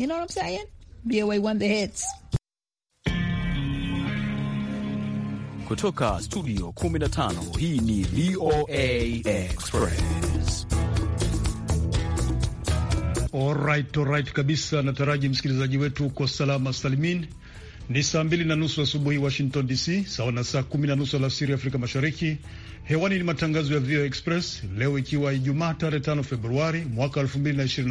You know what I'm saying? BOA won the hits. Kutoka studio 15 hii ni VOA Express. All right, all right, kabisa, nataraji msikilizaji wetu uko salama salimin. Ni saa mbili na nusu asubuhi wa Washington DC, sawa na saa kumi na nusu alasiri Afrika Mashariki. Hewani ni matangazo ya VOA Express leo, ikiwa Ijumaa tarehe 5 Februari mwaka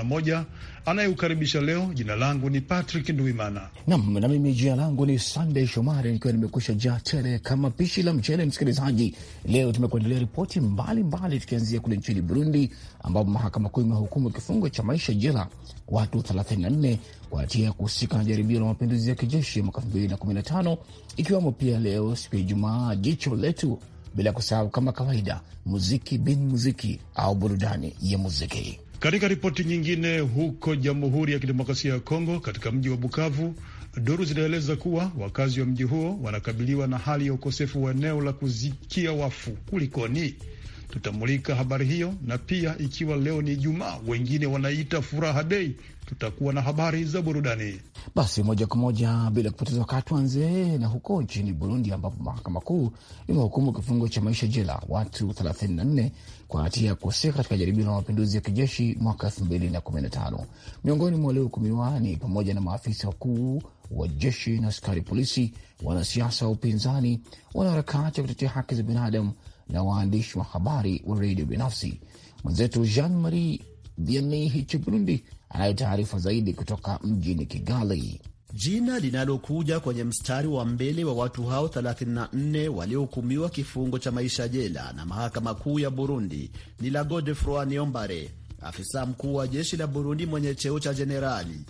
moja. Anayeukaribisha leo, jina langu ni Patrick Nduimana nam na mimi jina langu ni sandey Shomari, nikiwa nimekusha ja tele kama pishi la mchele. Msikilizaji, leo tumekuandalia ripoti mbalimbali, tukianzia kule nchini Burundi ambapo mahakama kuu imehukumu kifungo cha maisha jela watu 34 kwa ya kuhusika na jaribio la mapinduzi ya kijeshi ya mwaka 2015 ikiwamo pia leo siku ya Ijumaa jicho letu, bila kusahau kama kawaida muziki bin muziki au burudani ya muziki. Katika ripoti nyingine, huko Jamhuri ya Kidemokrasia ya Kongo, katika mji wa Bukavu, duru zinaeleza kuwa wakazi wa mji huo wanakabiliwa na hali ya ukosefu wa eneo la kuzikia wafu. Kulikoni? Tutamulika habari hiyo na pia, ikiwa leo ni Ijumaa, wengine wanaita furaha dei, tutakuwa na habari za burudani. Basi moja kwa moja bila kupoteza wakati, tuanze na huko nchini Burundi, ambapo mahakama kuu imehukumu kifungo cha maisha jela watu 34 kwa hatia ya kuhusika katika jaribio la mapinduzi ya kijeshi mwaka 2015. Miongoni mwa waliohukumiwa ni pamoja na maafisa wakuu wa jeshi na askari polisi, wanasiasa wa upinzani, wanaharakati wa kutetea haki za binadamu na waandishi wa habari wa redio binafsi. Mwenzetu Jean Marie Vianney hichi Burundi anayo taarifa zaidi kutoka mjini Kigali. Jina linalokuja kwenye mstari wa mbele wa watu hao 34 waliohukumiwa kifungo cha maisha jela na mahakama kuu ya Burundi ni la Godefroi niombare afisa mkuu wa jeshi la Burundi mwenye cheo cha jenerali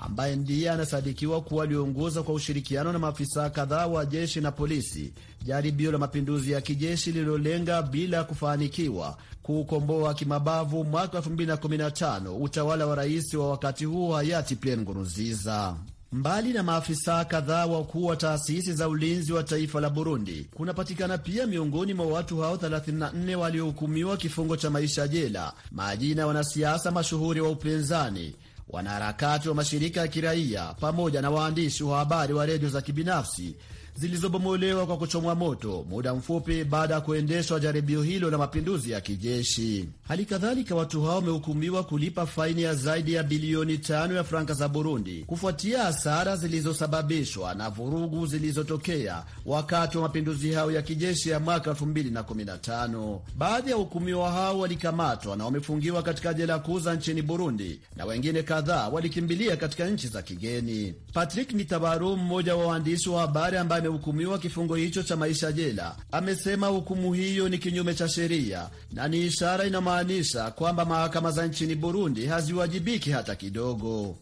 ambaye ndiye anasadikiwa kuwa aliongoza kwa ushirikiano na maafisa kadhaa wa jeshi na polisi jaribio la mapinduzi ya kijeshi lililolenga bila kufanikiwa kuukomboa kimabavu mwaka 2015 utawala wa rais wa wakati huo hayati Pierre Nkurunziza. Mbali na maafisa kadhaa wakuu wa taasisi za ulinzi wa taifa la Burundi, kunapatikana pia miongoni mwa watu hao 34 waliohukumiwa kifungo cha maisha jela majina ya wanasiasa mashuhuri wa upinzani wanaharakati wa mashirika ya kiraia pamoja na waandishi wa habari wa redio za kibinafsi zilizobomolewa kwa kuchomwa moto muda mfupi baada ya kuendeshwa jaribio hilo la mapinduzi ya kijeshi. Hali kadhalika, watu hao wamehukumiwa kulipa faini ya zaidi ya bilioni tano ya franka za Burundi kufuatia hasara zilizosababishwa na vurugu zilizotokea wakati wa mapinduzi hayo ya kijeshi ya mwaka 2015. Baadhi ya wahukumiwa hao walikamatwa na wamefungiwa katika jela kuu za nchini Burundi na wengine kadhaa walikimbilia katika nchi za kigeni. Patrick Nitabaru, mmoja wa waandishi wa habari ambaye amehukumiwa kifungo hicho cha maisha jela, amesema hukumu hiyo ni kinyume cha sheria na ni ishara inamaanisha kwamba mahakama za nchini Burundi haziwajibiki hata kidogo.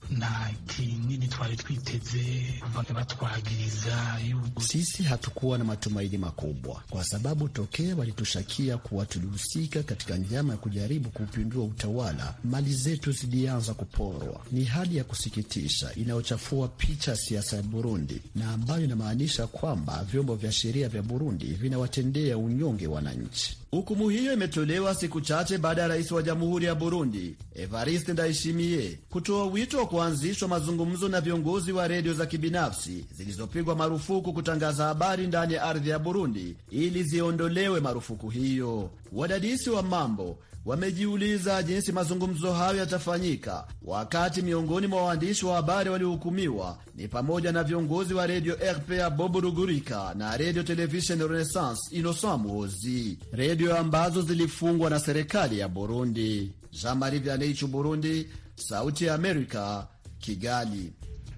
Sisi hatukuwa na matumaini makubwa, kwa sababu tokea walitushakia kuwa tulihusika katika njama ya kujaribu kuupindua utawala, mali zetu zilianza kuporwa. Ni hali ya kusikitisha inayochafua picha ya siasa ya Burundi na ambayo inamaanisha kwamba vyombo vya sheria vya Burundi vinawatendea unyonge wananchi. Hukumu hiyo imetolewa siku chache baada ya rais wa jamhuri ya Burundi Evariste Ndayishimiye kutoa wito wa kuanzishwa mazungumzo na viongozi wa redio za kibinafsi zilizopigwa marufuku kutangaza habari ndani ya ardhi ya Burundi ili ziondolewe marufuku hiyo. Wadadisi wa mambo wamejiuliza jinsi mazungumzo hayo yatafanyika wakati miongoni mwa waandishi wa habari waliohukumiwa ni pamoja na viongozi wa redio RPA Bob Rugurika na redio televisheni Renaissance Innocent redio redio ambazo zilifungwa na serikali ya Burundi. Jean-Marie Vianney, Burundi, Sauti ya Amerika, Kigali.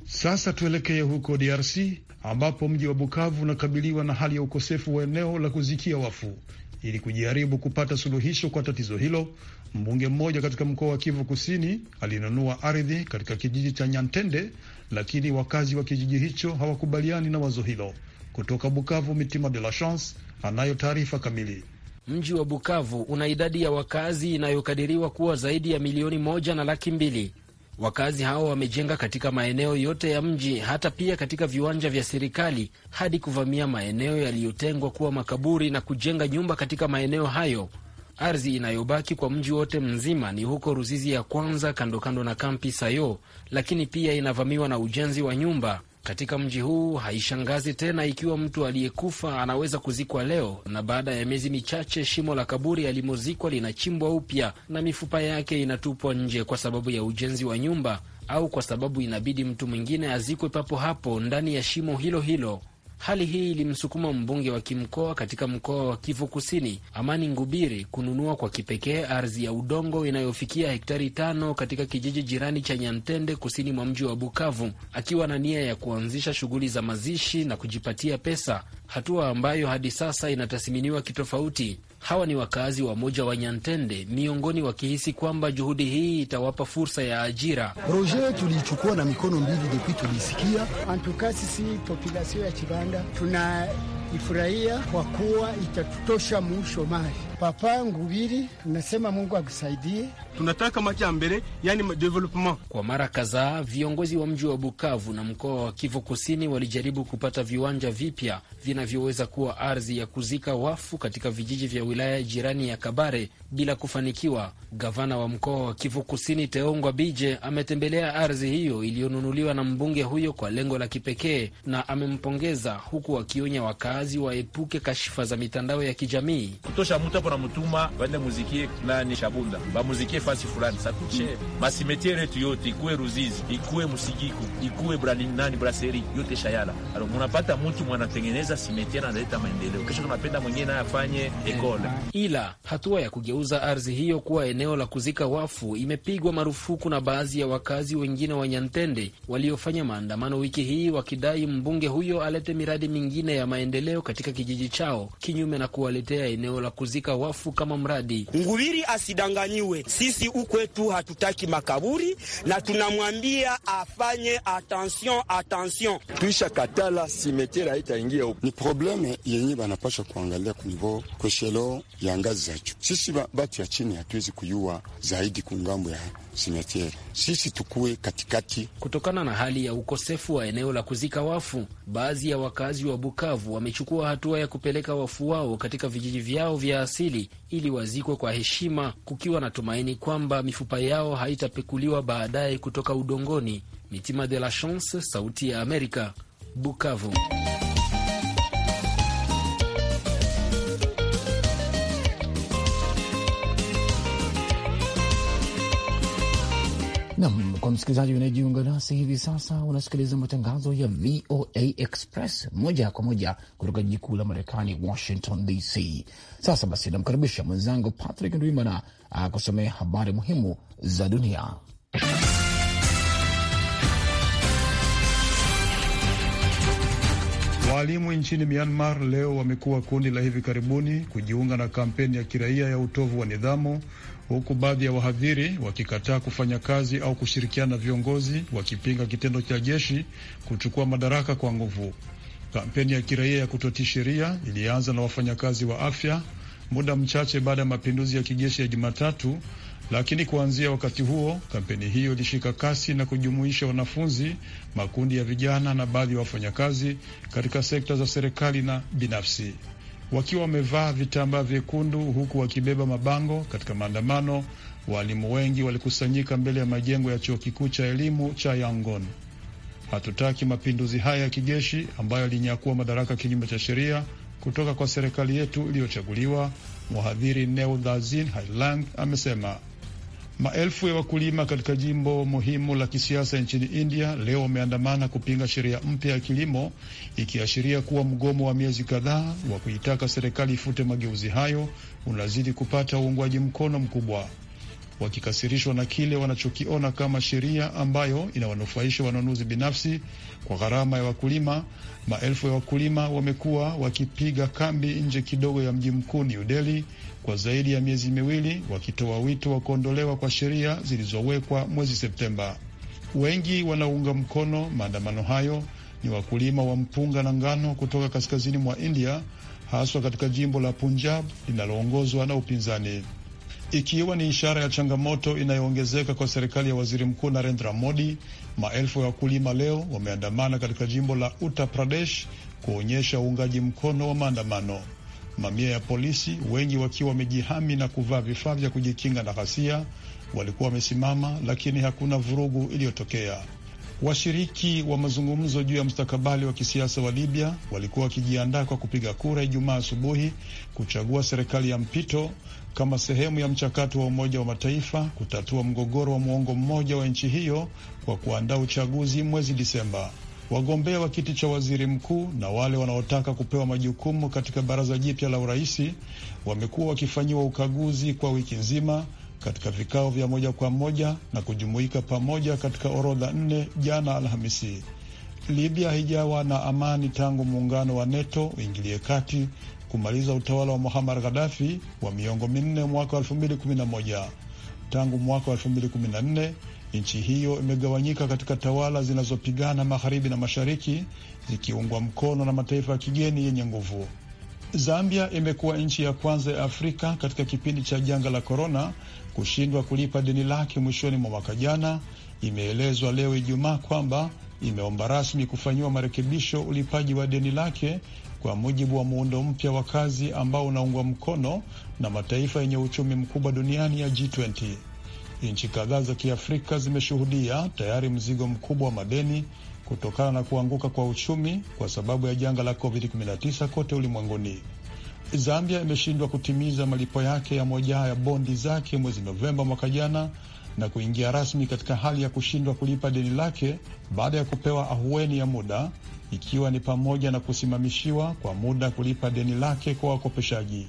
Sasa tuelekee huko DRC ambapo mji wa Bukavu unakabiliwa na hali ya ukosefu wa eneo la kuzikia wafu. Ili kujaribu kupata suluhisho kwa tatizo hilo, mbunge mmoja katika mkoa wa Kivu Kusini alinunua ardhi katika kijiji cha Nyantende, lakini wakazi wa kijiji hicho hawakubaliani na wazo hilo. Kutoka Bukavu, Mitima de la Chance anayo taarifa kamili. Mji wa Bukavu una idadi ya wakazi inayokadiriwa kuwa zaidi ya milioni moja na laki mbili. Wakazi hao wamejenga katika maeneo yote ya mji, hata pia katika viwanja vya serikali, hadi kuvamia maeneo yaliyotengwa kuwa makaburi na kujenga nyumba katika maeneo hayo. Ardhi inayobaki kwa mji wote mzima ni huko Ruzizi ya kwanza, kandokando na kampi Sayo, lakini pia inavamiwa na ujenzi wa nyumba katika mji huu. Haishangazi tena ikiwa mtu aliyekufa anaweza kuzikwa leo na baada ya miezi michache shimo la kaburi alimozikwa linachimbwa upya na mifupa yake inatupwa nje kwa sababu ya ujenzi wa nyumba au kwa sababu inabidi mtu mwingine azikwe papo hapo ndani ya shimo hilo hilo. Hali hii ilimsukuma mbunge wa kimkoa katika mkoa wa Kivu Kusini, Amani Ngubiri, kununua kwa kipekee ardhi ya udongo inayofikia hektari tano katika kijiji jirani cha Nyantende, kusini mwa mji wa Bukavu, akiwa na nia ya kuanzisha shughuli za mazishi na kujipatia pesa, hatua ambayo hadi sasa inatasiminiwa kitofauti. Hawa ni wakazi wa moja wa Nyantende, miongoni wakihisi kwamba juhudi hii itawapa fursa ya ajira. Proje tuliichukua na mikono mbili depi tulisikia antuka, sisi populasio ya Chibanda tunaifurahia kwa kuwa itatutosha mushomali Papa Ngubiri nasema Mungu akusaidie, tunataka maji ya mbele, yani development. Kwa mara kadhaa viongozi wa mji wa Bukavu na mkoa wa Kivu Kusini walijaribu kupata viwanja vipya vinavyoweza kuwa ardhi ya kuzika wafu katika vijiji vya wilaya jirani ya Kabare bila kufanikiwa. Gavana wa mkoa wa Kivu Kusini Teongwa Bije ametembelea ardhi hiyo iliyonunuliwa na mbunge huyo kwa lengo la kipekee na amempongeza, huku akionya wakaazi waepuke kashifa za mitandao ya kijamii kutosha niko mutuma baende muzikie nani Shabunda, bamuzikie fasi fulani sakuche masimetiere mm. yetu yote, ikuwe Ruzizi, ikuwe Musigiku, ikuwe nani Braseri yote Shayala. Alo, munapata mutu mwanatengeneza simetiere, analeta maendeleo. Kesho tunapenda mwenyewe naye afanye ekole. Mm. Ila hatua ya kugeuza ardhi hiyo kuwa eneo la kuzika wafu imepigwa marufuku na baadhi ya wakazi wengine wa Nyantende waliofanya maandamano wiki hii wakidai mbunge huyo alete miradi mingine ya maendeleo katika kijiji chao kinyume na kuwaletea eneo la kuzika wafu kama mradi. Nguviri asidanganyiwe, sisi ukwetu hatutaki makaburi na tunamwambia afanye attention, attention. Tuisha katala simetera haitaingia huko. Ni probleme yenye banapasha kuangalia kunivo kweshelo ya ngazi za juu. Sisi batu ya chini hatuwezi kuyua zaidi kungambo ya simetiere, sisi tukue katikati. Kutokana na hali ya ukosefu wa eneo la kuzika wafu, baadhi ya wakazi wa Bukavu wamechukua hatua ya kupeleka wafu wao katika vijiji vyao vya asili ili wazikwe kwa heshima, kukiwa na tumaini kwamba mifupa yao haitapekuliwa baadaye kutoka udongoni. Mitima de la Chance, Sauti ya Amerika, Bukavu. Nam, kwa msikilizaji unayejiunga nasi hivi sasa, unasikiliza matangazo ya VOA Express moja kwa moja kutoka jiji kuu la Marekani, Washington DC. Sasa basi, namkaribisha mwenzangu Patrick Ndwimana akusomea ah, habari muhimu za dunia. Waalimu nchini Myanmar leo wamekuwa kundi la hivi karibuni kujiunga na kampeni ya kiraia ya utovu wa nidhamu huku baadhi ya wahadhiri wakikataa kufanya kazi au kushirikiana na viongozi wakipinga kitendo cha jeshi kuchukua madaraka kwa nguvu. Kampeni ya kiraia ya kutotii sheria ilianza na wafanyakazi wa afya muda mchache baada ya mapinduzi ya kijeshi ya Jumatatu, lakini kuanzia wakati huo kampeni hiyo ilishika kasi na kujumuisha wanafunzi, makundi ya vijana na baadhi ya wafanyakazi katika sekta za serikali na binafsi wakiwa wamevaa vitambaa vyekundu huku wakibeba mabango katika maandamano. Waalimu wengi walikusanyika mbele ya majengo ya chuo kikuu cha elimu cha Yangon. Hatutaki mapinduzi haya ya kijeshi ambayo alinyakua madaraka kinyume cha sheria kutoka kwa serikali yetu iliyochaguliwa, mhadhiri Neudhazin Hailang amesema. Maelfu ya wakulima katika jimbo muhimu la kisiasa nchini India leo wameandamana kupinga sheria mpya ya kilimo, ikiashiria kuwa mgomo wa miezi kadhaa wa kuitaka serikali ifute mageuzi hayo unazidi kupata uungwaji mkono mkubwa wakikasirishwa na kile wanachokiona kama sheria ambayo inawanufaisha wanunuzi binafsi kwa gharama ya wakulima. Maelfu ya wakulima wamekuwa wakipiga kambi nje kidogo ya mji mkuu New Delhi kwa zaidi ya miezi miwili, wakitoa wito wa kuondolewa kwa sheria zilizowekwa mwezi Septemba. Wengi wanaunga mkono maandamano hayo ni wakulima wa mpunga na ngano kutoka kaskazini mwa India, haswa katika jimbo la Punjab linaloongozwa na upinzani ikiwa ni ishara ya changamoto inayoongezeka kwa serikali ya waziri mkuu Narendra Modi. Maelfu ya wakulima leo wameandamana katika jimbo la Uttar Pradesh kuonyesha uungaji mkono wa maandamano. Mamia ya polisi, wengi wakiwa wamejihami na kuvaa vifaa vya kujikinga na ghasia, walikuwa wamesimama, lakini hakuna vurugu iliyotokea. Washiriki wa mazungumzo juu ya mustakabali wa kisiasa wa Libya walikuwa wakijiandaa kwa kupiga kura Ijumaa asubuhi kuchagua serikali ya mpito kama sehemu ya mchakato wa Umoja wa Mataifa kutatua mgogoro wa muongo mmoja wa nchi hiyo kwa kuandaa uchaguzi mwezi Disemba. Wagombea wa kiti cha waziri mkuu na wale wanaotaka kupewa majukumu katika baraza jipya la uraisi wamekuwa wakifanyiwa ukaguzi kwa wiki nzima katika vikao vya moja kwa moja na kujumuika pamoja katika orodha nne jana Alhamisi. Libya haijawa na amani tangu muungano wa NATO uingilie kati kumaliza utawala wa Muhammar Gaddafi wa miongo minne mwaka wa 2011. Tangu mwaka wa 2014 nchi hiyo imegawanyika katika tawala zinazopigana magharibi na mashariki, zikiungwa mkono na mataifa ya kigeni yenye nguvu. Zambia imekuwa nchi ya kwanza ya Afrika katika kipindi cha janga la korona kushindwa kulipa deni lake mwishoni mwa mwaka jana. Imeelezwa leo Ijumaa kwamba imeomba rasmi kufanyiwa marekebisho ulipaji wa deni lake kwa mujibu wa muundo mpya wa kazi ambao unaungwa mkono na mataifa yenye uchumi mkubwa duniani ya G20. Nchi kadhaa za Kiafrika zimeshuhudia tayari mzigo mkubwa wa madeni kutokana na kuanguka kwa uchumi kwa sababu ya janga la COVID-19 kote ulimwenguni. Zambia imeshindwa kutimiza malipo yake ya moja ya bondi zake mwezi Novemba mwaka jana na kuingia rasmi katika hali ya kushindwa kulipa deni lake baada ya kupewa ahueni ya muda ikiwa ni pamoja na kusimamishiwa kwa muda kulipa deni lake kwa wakopeshaji.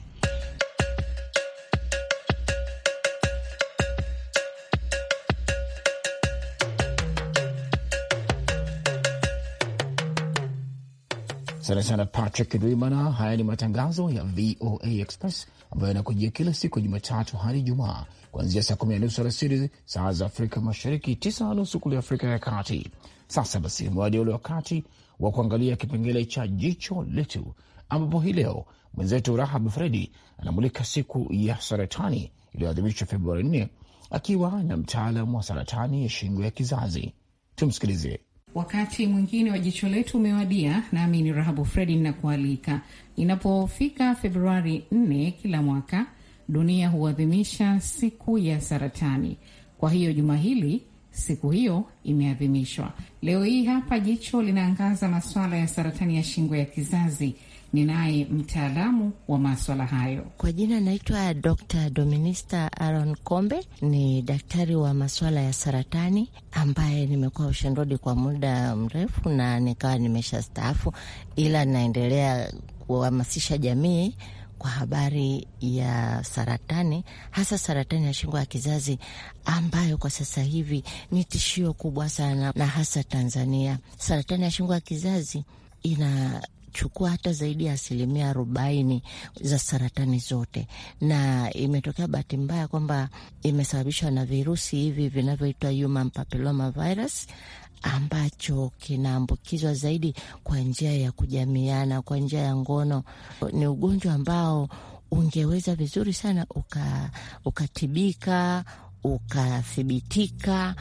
Asante sana Patrick dwimana Haya ni matangazo ya VOA Express ambayo yanakujia kila siku ya Jumatatu hadi jumaa kuanzia saa kumi na nusu alasiri saa za Afrika Mashariki, tisa na nusu kule Afrika ya Kati. Sasa basi, mwadi ule wakati wa kuangalia kipengele cha jicho letu, ambapo hii leo mwenzetu Rahab Fredi anamulika siku ya saratani iliyoadhimishwa Februari 4 akiwa na mtaalam wa saratani ya shingo ya kizazi. Tumsikilize. Wakati mwingine wa jicho letu umewadia, nami ni Rahabu Fredi ninakualika. Inapofika Februari 4 kila mwaka, dunia huadhimisha siku ya saratani. Kwa hiyo juma hili siku hiyo imeadhimishwa leo hii. Hapa jicho linaangaza masuala ya saratani ya shingo ya kizazi. Ninaye mtaalamu wa maswala hayo kwa jina anaitwa Dr. Dominista Aaron Kombe. Ni daktari wa maswala ya saratani ambaye nimekuwa ushindodi kwa muda mrefu na nikawa nimeshastaafu, ila naendelea kuhamasisha jamii kwa habari ya saratani, hasa saratani ya shingo ya kizazi ambayo kwa sasa hivi ni tishio kubwa sana, na hasa Tanzania. Saratani ya shingo ya kizazi ina chukua hata zaidi ya asilimia arobaini za saratani zote, na imetokea bahati mbaya kwamba imesababishwa na virusi hivi vinavyoitwa human papilloma virus ambacho kinaambukizwa zaidi kwa njia ya kujamiana, kwa njia ya ngono. Ni ugonjwa ambao ungeweza vizuri sana uka, ukatibika ukathibitika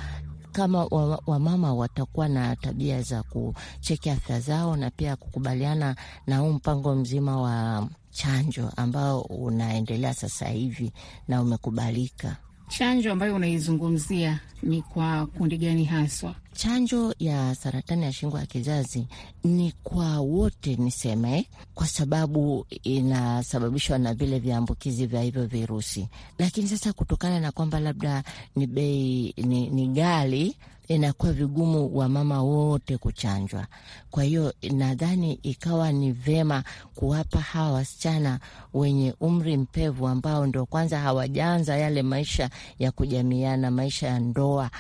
kama wamama wa watakuwa na tabia za kucheki afya zao na pia kukubaliana na huu mpango mzima wa chanjo ambao unaendelea sasa hivi na umekubalika. Chanjo ambayo unaizungumzia ni kwa kundi gani haswa? Chanjo ya saratani ya shingo ya kizazi ni kwa wote niseme, kwa sababu inasababishwa na vile viambukizi vya hivyo virusi, lakini sasa kutokana na kwamba labda ni bei ni, ni ghali inakuwa vigumu wamama wote kuchanjwa. Kwa hiyo nadhani ikawa ni vema kuwapa hawa wasichana wenye umri mpevu ambao ndio kwanza hawajaanza yale maisha ya kujamiana, maisha ya ndoa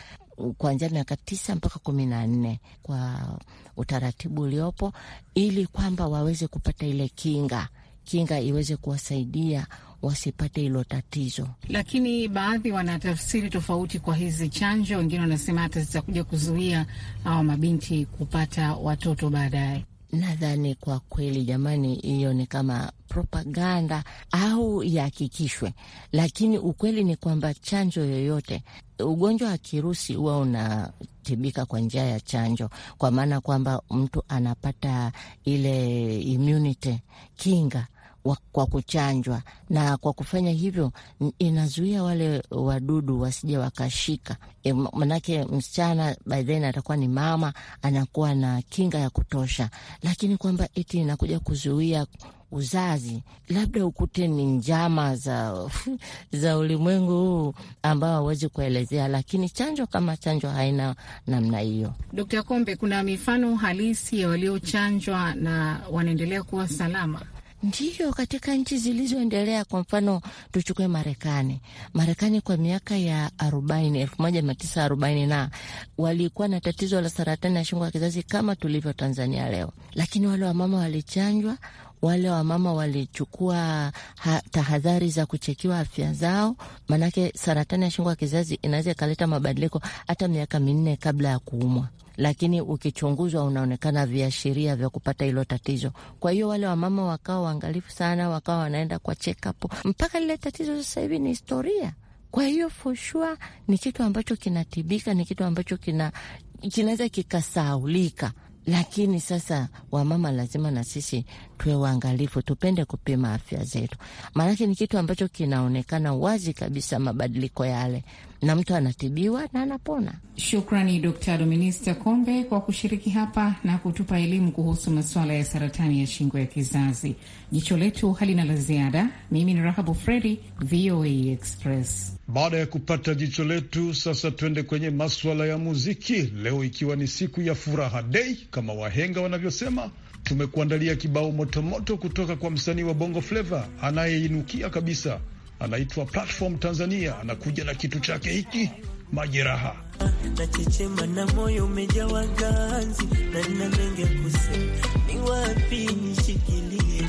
kuanzia miaka tisa mpaka kumi na nne kwa utaratibu uliopo, ili kwamba waweze kupata ile kinga kinga iweze kuwasaidia wasipate hilo tatizo. Lakini baadhi wana tafsiri tofauti kwa hizi chanjo, wengine wanasema hata zitakuja kuzuia hawa mabinti kupata watoto baadaye. Nadhani kwa kweli, jamani, hiyo ni kama propaganda au ihakikishwe, lakini ukweli ni kwamba chanjo yoyote, ugonjwa wa kirusi huwa unatibika kwa njia ya chanjo, kwa maana kwamba mtu anapata ile immunity, kinga kwa kuchanjwa, na kwa kufanya hivyo inazuia wale wadudu wasije wakashika. E, manake msichana by then atakuwa ni mama, anakuwa na kinga ya kutosha, lakini kwamba eti inakuja kuzuia uzazi labda ukute ni njama za, za ulimwengu huu ambao hawezi kuelezea, lakini chanjo kama chanjo haina namna hiyo. Dokta Kombe, kuna mifano halisi ya waliochanjwa na wanaendelea kuwa salama? Ndiyo, katika nchi zilizoendelea, kwa mfano tuchukue Marekani. Marekani kwa miaka ya arobaini, elfu moja mia tisa arobaini na walikuwa na tatizo la saratani ya shingo ya kizazi kama tulivyo Tanzania leo, lakini wale wamama walichanjwa, wale wamama walichukua tahadhari za kuchekiwa afya zao, maanake saratani ya shingo ya kizazi inaweza ikaleta mabadiliko hata miaka minne kabla ya kuumwa lakini ukichunguzwa unaonekana viashiria vya kupata hilo tatizo. Kwa hiyo wale wamama wakawa waangalifu sana, wakawa wanaenda kwa chekapo mpaka lile tatizo sasa hivi ni historia. Kwa hiyo foshua ni kitu ambacho kinatibika, ni kitu ambacho kina kinaweza kikasaulika lakini sasa wamama lazima na sisi tuwe waangalifu, tupende kupima afya zetu, maanake ni kitu ambacho kinaonekana wazi kabisa mabadiliko yale na mtu anatibiwa na anapona. Shukrani d Dominista Kombe kwa kushiriki hapa na kutupa elimu kuhusu masuala ya saratani ya shingo ya kizazi. Jicho letu halina la ziada. Mimi ni Rahabu Fredi, VOA Express. Baada ya kupata jicho letu, sasa twende kwenye maswala ya muziki. Leo ikiwa ni siku ya furaha dei kama wahenga wanavyosema, tumekuandalia kibao motomoto kutoka kwa msanii wa Bongo Fleva anayeinukia kabisa anaitwa Platform Tanzania, anakuja na kitu chake hiki majeraha nachechema na moyo umejawa ganzi na nina mengi ya kusema, ni wapi nishikilie?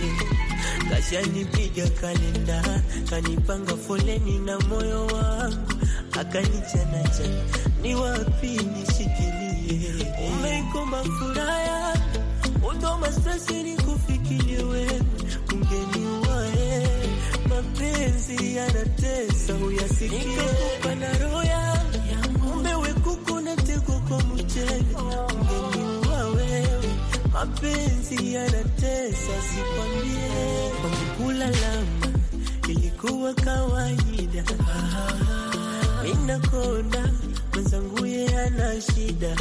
Kashanipiga kalenda, kanipanga foleni na moyo wangu akanichanacha, ni wapi nishikilie? Umeikomba furaha yako, undoma stasini kufikirie wewe ungeni mapenzi anatesa, uyasikie. Nikakupa na roho ya ng'ombe, wekuku na tegu kwa mchele, ungeniua wewe. Mapenzi yanatesa, sikwambie. Kulalama ilikuwa kawaida, mina kona mwenzangu ye ana shida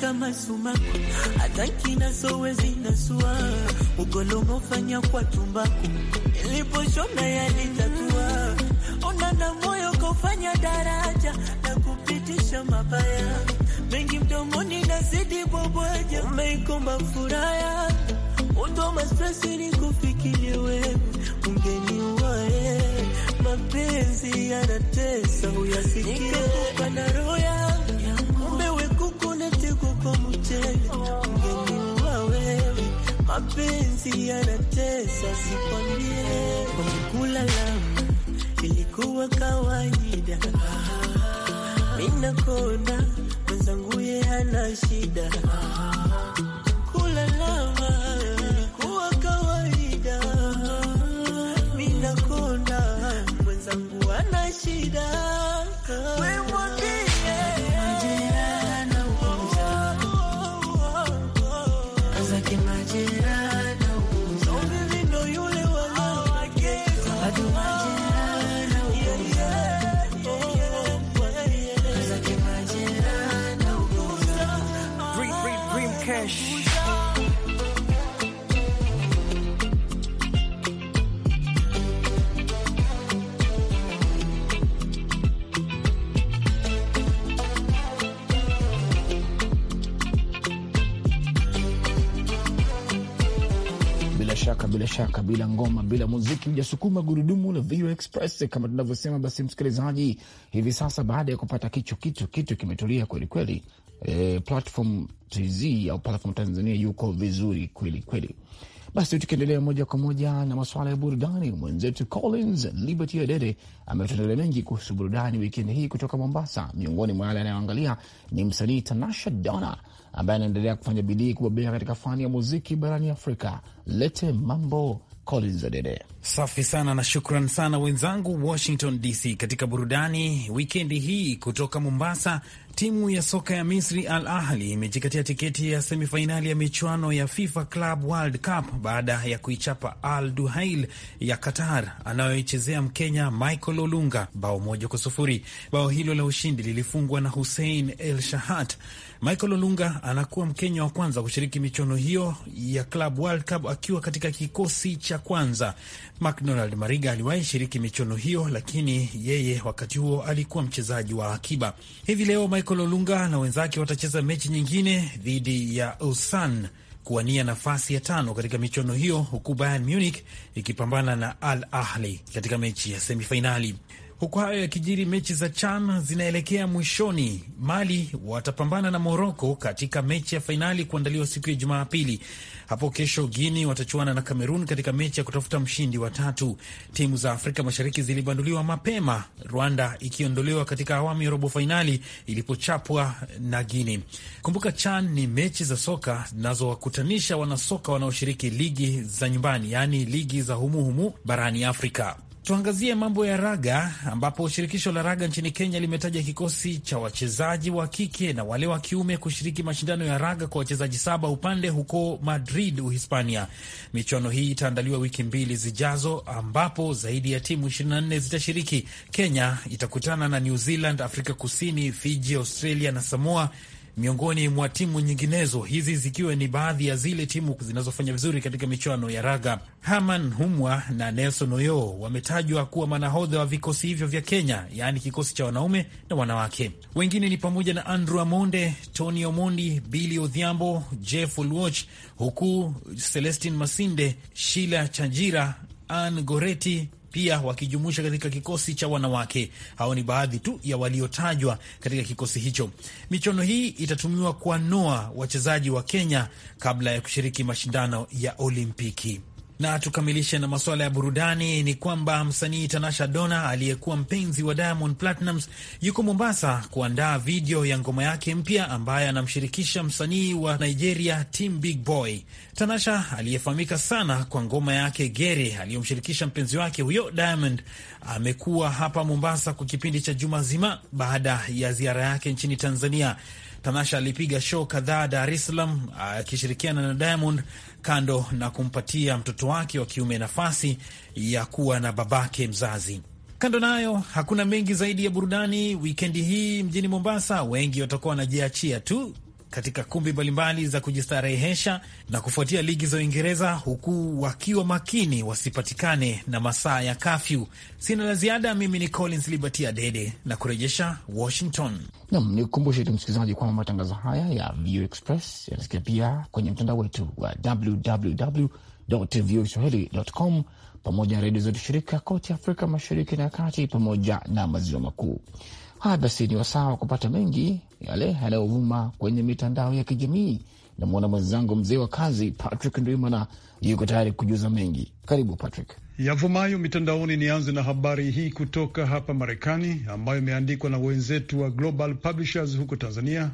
kama sumaku, hataki na sowezi nasua, ugolongo fanya kwa tumbaku, iliposhona yalitatua, na moyo kofanya daraja na kupitisha mabaya mengi mdomoni, nazidi boboja, umeikomba furaya utoma stresi ni kufikiria wewe ungeniwae mapenzi yanatesa uyasikie, nikakupa na roho yangu kama mchele, ungeniua wewe. Mapenzi yanatesa, sikwambie. Kulala ilikuwa kawaida, minakona mwenzangu ye hana shida. Kulala ilikuwa kawaida, fresh. shaka, bila ngoma, bila muziki hujasukuma gurudumu la VOA Express kama tunavyosema. Basi msikilizaji, hivi sasa baada ya kupata kichu kitu kitu kimetulia kwelikweli. E, eh, platform TZ au platform Tanzania yuko vizuri kweli kweli. Basi tukiendelea moja kwa moja na masuala ya burudani, mwenzetu Collins Liberty Adede ametuendelea mengi kuhusu burudani wikendi hii kutoka Mombasa. Miongoni mwa yale anayoangalia ni msanii Tanasha Donna ambaye anaendelea kufanya bidii kubobea katika fani ya muziki barani Afrika. Lete mambo Collins Adede. Safi sana na shukran sana wenzangu Washington DC. Katika burudani wikendi hii kutoka Mombasa, timu ya soka ya Misri Al Ahli imejikatia tiketi ya semifainali ya michuano ya FIFA Club World Cup baada ya kuichapa Al Duhail ya Qatar anayoichezea Mkenya Michael Olunga bao moja kwa sufuri. Bao hilo la ushindi lilifungwa na Hussein El Shahat. Michael Olunga anakuwa Mkenya wa kwanza kushiriki michuano hiyo ya Club World Cup akiwa katika kikosi cha kwanza. McDonald Mariga aliwahi shiriki michuano hiyo, lakini yeye wakati huo alikuwa mchezaji wa akiba. Hivi leo Michael Olunga na wenzake watacheza mechi nyingine dhidi ya usan kuwania nafasi ya tano katika michuano hiyo, huku Bayern Munich ikipambana na Al Ahli katika mechi ya semifainali. Huku hayo yakijiri, mechi za CHAN zinaelekea mwishoni. Mali watapambana na Moroko katika mechi ya fainali kuandaliwa siku ya Jumapili. Hapo kesho Guini watachuana na Kamerun katika mechi ya kutafuta mshindi wa tatu. Timu za Afrika Mashariki zilibanduliwa mapema, Rwanda ikiondolewa katika awamu ya robo fainali ilipochapwa na Guini. Kumbuka, CHAN ni mechi za soka zinazowakutanisha wanasoka wanaoshiriki ligi za nyumbani, yaani ligi za humuhumu barani Afrika. Tuangazie mambo ya raga ambapo shirikisho la raga nchini Kenya limetaja kikosi cha wachezaji wa kike na wale wa kiume kushiriki mashindano ya raga kwa wachezaji saba upande huko Madrid, Uhispania. Michuano hii itaandaliwa wiki mbili zijazo, ambapo zaidi ya timu 24 zitashiriki. Kenya itakutana na New Zealand, Afrika Kusini, Fiji, Australia na Samoa miongoni mwa timu nyinginezo, hizi zikiwa ni baadhi ya zile timu zinazofanya vizuri katika michuano ya raga. haman Humwa na Nelson Oyo wametajwa kuwa manahodha wa vikosi hivyo vya Kenya, yaani kikosi cha wanaume na wanawake. Wengine ni pamoja na Andrew Amonde, Tony Omondi, Billy Odhiambo, Jeff Oluoch, huku Celestin Masinde, Shila Chanjira, Ann Goreti pia wakijumuisha katika kikosi cha wanawake. Hao ni baadhi tu ya waliotajwa katika kikosi hicho. Michuano hii itatumiwa kuanoa wachezaji wa Kenya kabla ya kushiriki mashindano ya Olimpiki. Na tukamilishe na masuala ya burudani. Ni kwamba msanii Tanasha Dona aliyekuwa mpenzi wa Diamond Platnumz yuko Mombasa kuandaa video ya ngoma yake mpya ambaye anamshirikisha msanii wa Nigeria Tim Big Boy. Tanasha aliyefahamika sana kwa ngoma yake Gere aliyomshirikisha mpenzi wake huyo Diamond amekuwa hapa Mombasa kwa kipindi cha juma zima baada ya ziara yake nchini Tanzania. Tanasha alipiga show kadhaa Dar es Salaam akishirikiana na Diamond kando na kumpatia mtoto wake wa kiume nafasi ya kuwa na babake mzazi. Kando nayo hakuna mengi zaidi ya burudani wikendi hii mjini Mombasa. Wengi watakuwa wanajiachia tu katika kumbi mbalimbali za kujistarehesha na kufuatia ligi za Uingereza, huku wakiwa makini wasipatikane na masaa ya kafyu. Sina la ziada, mimi ni Collins Liberty Adede na kurejesha Washington. Nam ni kukumbushe tu msikilizaji kwamba matangazo haya ya VOA Express yanasikia pia kwenye mtandao wetu wa www voa pamoja na redio zetu shirika kote Afrika Mashariki na ya Kati pamoja na Maziwa Makuu. Haya basi, ni wasaa wa kupata mengi yale yanayovuma kwenye mitandao ya kijamii. Namwona mwenzangu mzee wa kazi Patrick Ndwimana yuko tayari kujuza mengi. Karibu Patrick. Yavumayo mitandaoni, nianze na habari hii kutoka hapa Marekani ambayo imeandikwa na wenzetu wa Global Publishers huko Tanzania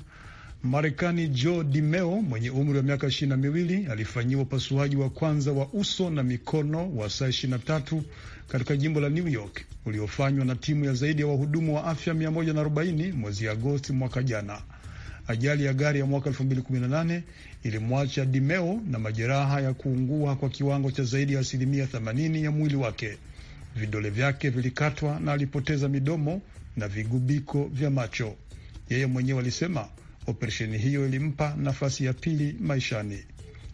Marekani Joe DiMeo mwenye umri wa miaka ishirini na miwili alifanyiwa upasuaji wa kwanza wa uso na mikono wa saa ishirini na tatu katika jimbo la New York uliofanywa na timu ya zaidi ya wahudumu wa afya 140 mwezi Agosti mwaka jana. Ajali ya gari ya mwaka 2018 ilimwacha DiMeo na majeraha ya kuungua kwa kiwango cha zaidi ya asilimia 80 ya mwili wake. Vidole vyake vilikatwa na alipoteza midomo na vigubiko vya macho. Yeye mwenyewe alisema Operesheni hiyo ilimpa nafasi ya pili maishani.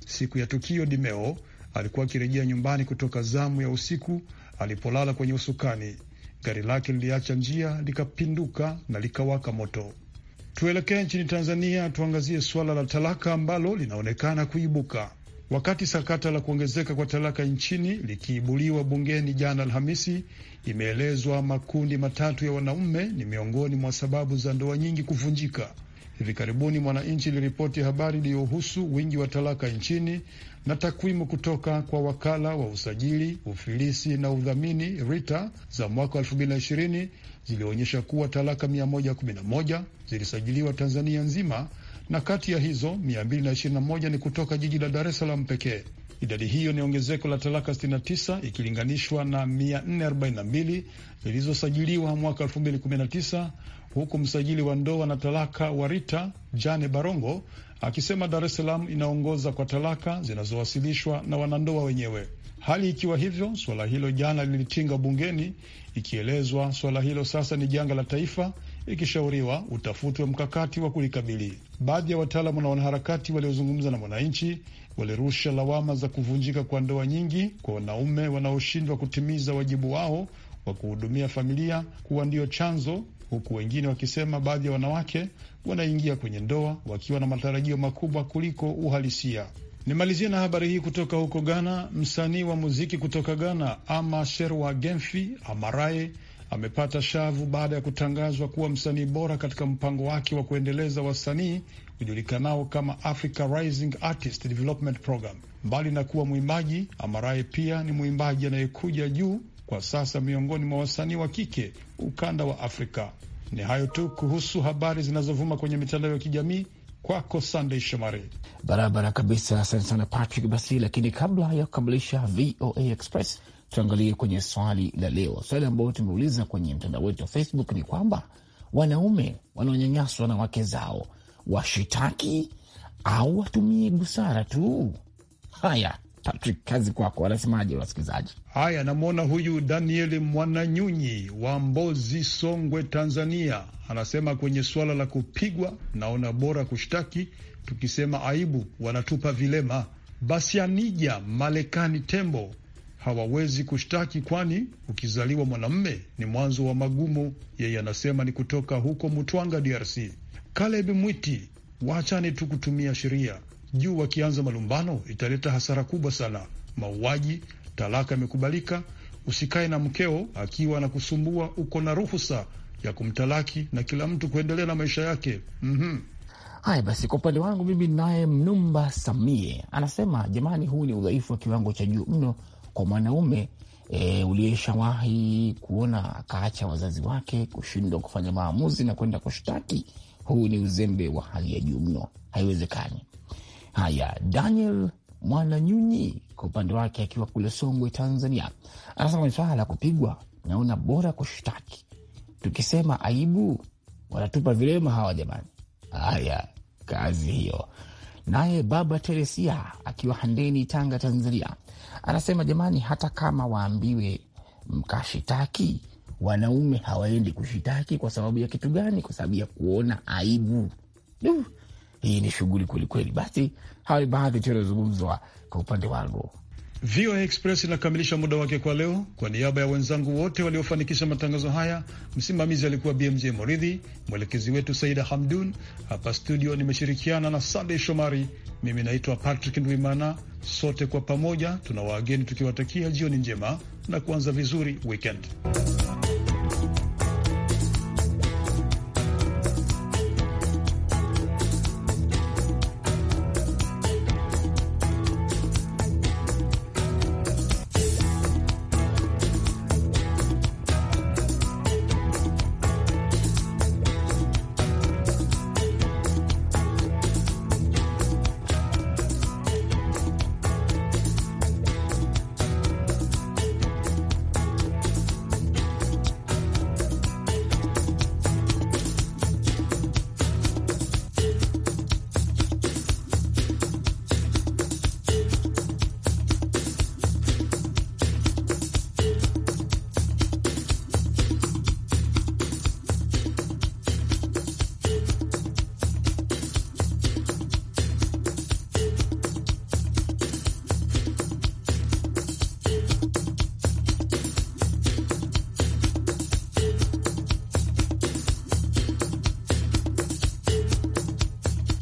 Siku ya tukio, Dimeo alikuwa akirejea nyumbani kutoka zamu ya usiku alipolala kwenye usukani. Gari lake liliacha njia likapinduka na likawaka moto. Tuelekee nchini Tanzania, tuangazie suala la talaka ambalo linaonekana kuibuka wakati sakata la kuongezeka kwa talaka nchini likiibuliwa bungeni jana Alhamisi. Imeelezwa makundi matatu ya wanaume ni miongoni mwa sababu za ndoa nyingi kuvunjika. Hivi karibuni Mwananchi iliripoti habari iliyohusu wingi wa talaka nchini na takwimu kutoka kwa wakala wa usajili, ufilisi na udhamini RITA za mwaka 2020 zilionyesha kuwa talaka 111 zilisajiliwa Tanzania nzima na kati ya hizo 221 ni kutoka jiji la Dar es Salaam pekee. Idadi hiyo ni ongezeko la talaka 69 ikilinganishwa na 442 zilizosajiliwa mwaka 2019 huku msajili wa ndoa na talaka wa RITA Jane Barongo akisema Dar es Salaam inaongoza kwa talaka zinazowasilishwa na wanandoa wenyewe. Hali ikiwa hivyo, suala hilo jana lilitinga bungeni, ikielezwa suala hilo sasa ni janga la taifa, ikishauriwa utafutwe mkakati wa kulikabili. Baadhi ya wataalamu na wanaharakati waliozungumza na Mwananchi walirusha lawama za kuvunjika kwa ndoa nyingi kwa wanaume wanaoshindwa kutimiza wajibu wao wa kuhudumia familia kuwa ndio chanzo huku wengine wakisema baadhi ya wanawake wanaingia kwenye ndoa wakiwa na matarajio makubwa kuliko uhalisia. Nimalizie na habari hii kutoka huko Ghana. Msanii wa muziki kutoka Ghana ama Sherwa Gemfi amarae amepata shavu baada ya kutangazwa kuwa msanii bora katika mpango wake wa kuendeleza wasanii ujulikanao kama Africa Rising Artist Development Program. Mbali na kuwa mwimbaji, amarae pia ni mwimbaji anayekuja juu kwa sasa miongoni mwa wasanii wa kike ukanda wa Afrika. Ni hayo tu kuhusu habari zinazovuma kwenye mitandao ya kijamii. Kwako Sandey Shomari. Barabara kabisa, asante sana Patrick. Basi lakini kabla ya kukamilisha VOA Express, tuangalie kwenye swali la leo, swali ambayo tumeuliza kwenye mtandao wetu wa Facebook ni kwamba wanaume wanaonyanyaswa na wake zao washitaki au watumie busara tu? Haya Patrick, kazi kwako. Wanasemaje wasikilizaji? Haya, namwona huyu Daniel Mwananyunyi wa Mbozi, Songwe, Tanzania, anasema kwenye suala la kupigwa, naona bora kushtaki. Tukisema aibu wanatupa vilema. Basianija Malekani Tembo, hawawezi kushtaki, kwani ukizaliwa mwanamme ni mwanzo wa magumu. Yeye anasema ni kutoka huko Mutwanga, DRC. Kaleb Mwiti, waachane tu kutumia sheria juu, wakianza malumbano italeta hasara kubwa sana, mauaji talaka imekubalika, usikae na mkeo akiwa anakusumbua, uko na ruhusa ya kumtalaki na kila mtu kuendelea na maisha yake. mm -hmm. Haya basi, kwa upande wangu mimi, naye Mnumba Samie anasema jamani, huu ni udhaifu wa kiwango cha juu mno kwa mwanaume e, uliyeshawahi kuona akaacha wazazi wake, kushindwa kufanya maamuzi na kwenda kushtaki. Huu ni uzembe wa hali ya juu mno, haiwezekani. Haya, Daniel Mwananyunyi kwa upande wake akiwa kule Songwe, Tanzania, anasema ni swala la kupigwa, naona bora kushtaki. Tukisema aibu wanatupa vilema hawa jamani. Haya, kazi hiyo. Naye baba Teresia akiwa Handeni, Tanga, Tanzania, anasema jamani, hata kama waambiwe mkashitaki, wanaume hawaendi kushitaki. Kwa sababu ya kitu gani? Kwa sababu ya kuona aibu. Duh. Hii ni shughuli kwelikweli. Basi hayo ni baadhi tu yanayozungumzwa kwa upande wangu. VOA Express inakamilisha muda wake kwa leo. Kwa niaba ya wenzangu wote waliofanikisha matangazo haya, msimamizi alikuwa BMJ Moridhi, mwelekezi wetu Saida Hamdun. Hapa studio nimeshirikiana na Sandey Shomari. Mimi naitwa Patrick Ndwimana. Sote kwa pamoja tuna wageni tukiwatakia jioni njema na kuanza vizuri weekend.